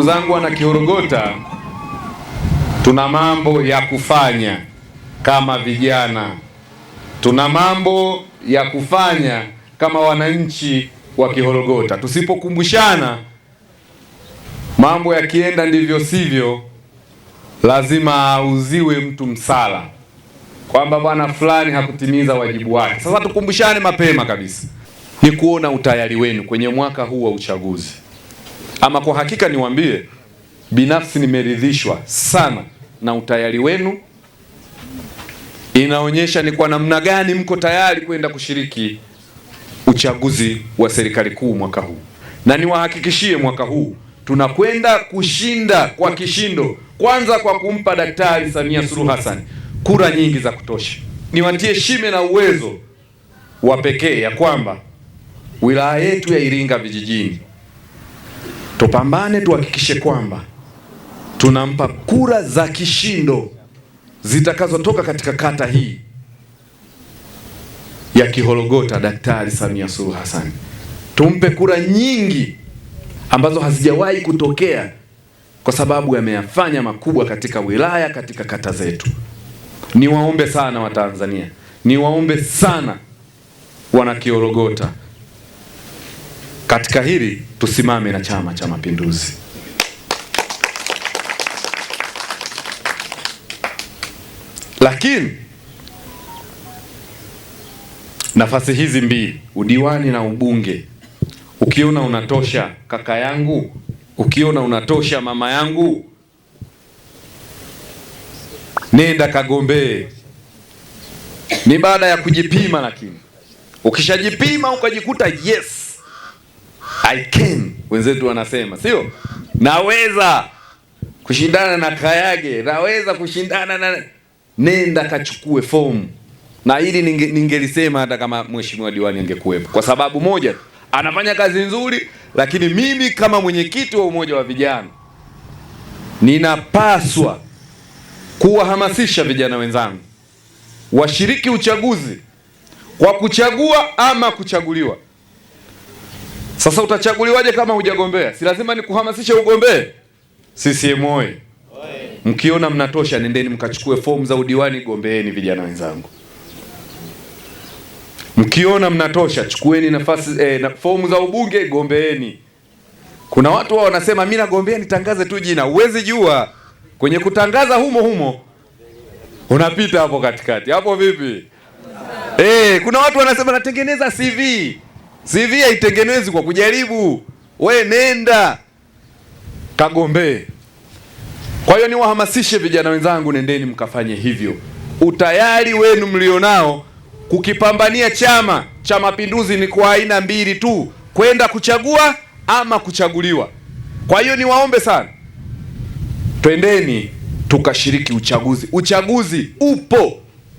Ndugu zangu wana kihorogota tuna mambo ya kufanya kama vijana, tuna mambo ya kufanya kama wananchi wa kihorogota Tusipokumbushana mambo yakienda ndivyo sivyo, lazima auziwe mtu msala kwamba bwana fulani hakutimiza wajibu wake. Sasa tukumbushane mapema kabisa, ni kuona utayari wenu kwenye mwaka huu wa uchaguzi. Ama kwa hakika niwaambie, binafsi nimeridhishwa sana na utayari wenu. Inaonyesha ni kwa namna gani mko tayari kwenda kushiriki uchaguzi wa serikali kuu mwaka huu, na niwahakikishie, mwaka huu tunakwenda kushinda kwa kishindo, kwanza kwa kumpa Daktari Samia Suluhu Hassan kura nyingi za kutosha. Niwatie shime na uwezo wa pekee ya kwamba wilaya yetu ya Iringa vijijini Tupambane tuhakikishe kwamba tunampa kura za kishindo zitakazotoka katika kata hii ya kihorogota Daktari Samia Suluhu Hassan. Tumpe kura nyingi ambazo hazijawahi kutokea kwa sababu yameyafanya makubwa katika wilaya, katika kata zetu. Niwaombe sana Watanzania, niwaombe sana wana Kihorogota katika hili tusimame na Chama cha Mapinduzi. Lakini nafasi hizi mbili, udiwani na ubunge, ukiona unatosha kaka yangu, ukiona unatosha mama yangu, nenda kagombee. Ni baada ya kujipima, lakini ukishajipima ukajikuta yes I can, wenzetu wanasema sio, naweza kushindana na Kayage, naweza kushindana na, nenda kachukue fomu. Na hili ningelisema ninge hata kama mheshimiwa diwani angekuwepo, kwa sababu moja anafanya kazi nzuri, lakini mimi kama mwenyekiti wa umoja wa vijana ninapaswa kuwahamasisha vijana wenzangu washiriki uchaguzi kwa kuchagua ama kuchaguliwa. Sasa utachaguliwaje kama hujagombea? Si lazima nikuhamasishe ugombee? CCM oyee! Mkiona mnatosha, nendeni mkachukue fomu za udiwani, gombeeni vijana wenzangu. Mkiona mnatosha, chukueni nafasi eh, na fomu za ubunge, gombeeni. Kuna watu wao wanasema mimi nagombea nitangaze tu jina. Uwezi jua kwenye kutangaza humo humo unapita hapo katikati hapo, vipi? Eh, kuna watu wanasema natengeneza CV CV haitengenezwi kwa kujaribu, we nenda kagombee. Kwa hiyo niwahamasishe vijana wenzangu, nendeni mkafanye hivyo. Utayari wenu mlionao kukipambania Chama cha Mapinduzi ni kwa aina mbili tu, kwenda kuchagua ama kuchaguliwa. Kwa hiyo niwaombe sana, twendeni tukashiriki uchaguzi. Uchaguzi upo